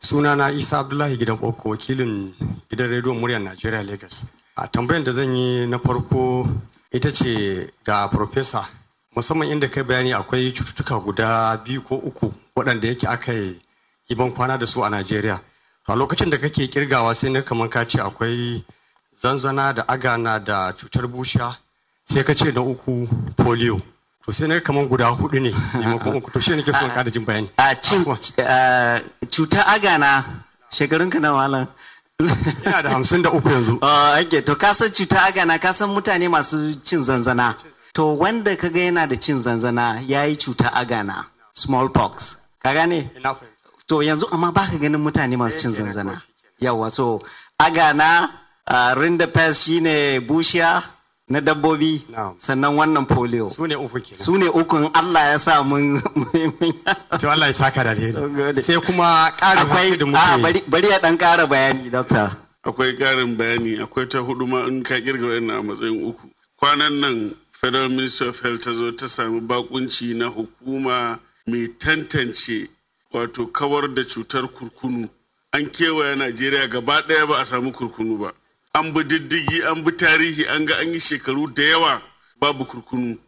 sunana isa abdullahi gidan boko wakilin gidan rediyon muryar najeriya lagos a tambayar da zan yi na farko ita ce ga profesa musamman inda kai bayani akwai cututtuka guda biyu ko uku waɗanda yake aka yi ban kwana da su a najeriya a lokacin da kake kirgawa sai na kamar ka ce akwai zanzana da agana da cutar busha sai ka ce na uku polio to sai na kamar guda hudu ne maimakon uku to shi ke son kada jin bayani a cuta agana shekarun ka na malam ina da hamsin da uku yanzu ake oh, to san cuta agana san mutane masu cin zanzana to wanda ka ga yana da cin zanzana ya yi cuta agana smallpox ka gane to yanzu amma ba ka ganin mutane masu cin eh, zanzana yawa so agana uh, rinda pest shine bushiya na dabbobi sannan wannan polio su ne uku kenan su ne uku in Allah ya sa mun to Allah ya saka da alheri sai kuma ƙarin akwai da muke bari ya dan ƙara bayani doctor akwai ƙarin bayani akwai ta hudu ma in ka kirga wannan a matsayin uku kwanan nan federal ministry of health ta zo ta sami bakunci na hukuma mai tantance wato kawar da cutar kurkunu an kewaya najeriya gaba ɗaya ba a samu kurkunu ba an bi diddigi an bi tarihi an ga an yi shekaru da yawa babu kurkunu